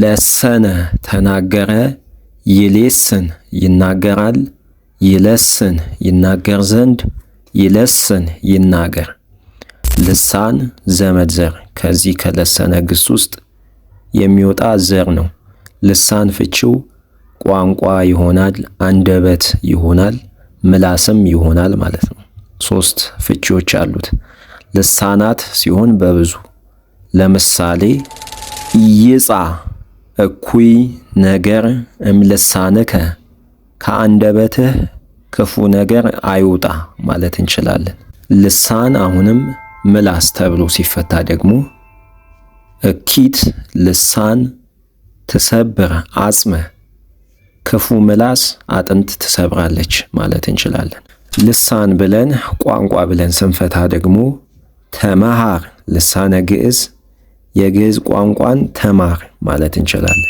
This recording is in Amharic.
ለሰነ ተናገረ ይሌስን ይናገራል ይለስን ይናገር ዘንድ ይለስን ይናገር። ልሳን ዘመድ ዘር ከዚህ ከለሰነ ግስ ውስጥ የሚወጣ ዘር ነው። ልሳን ፍቺው ቋንቋ ይሆናል፣ አንደበት ይሆናል፣ ምላስም ይሆናል ማለት ነው። ሶስት ፍቺዎች አሉት። ልሳናት ሲሆን በብዙ ለምሳሌ ይጻ እኩይ ነገር እምልሳንከ ከአንደበትህ ክፉ ነገር አይውጣ ማለት እንችላለን። ልሳን አሁንም ምላስ ተብሎ ሲፈታ ደግሞ እኪት ልሳን ትሰብር አጽመ፣ ክፉ ምላስ አጥንት ትሰብራለች ማለት እንችላለን። ልሳን ብለን ቋንቋ ብለን ስንፈታ ደግሞ ተመሃር ልሳነ ግዕዝ የግዕዝ ቋንቋን ተማር ማለት እንችላለን።